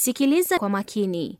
Sikiliza kwa makini.